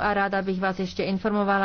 a ráda bych vás ještě informovala,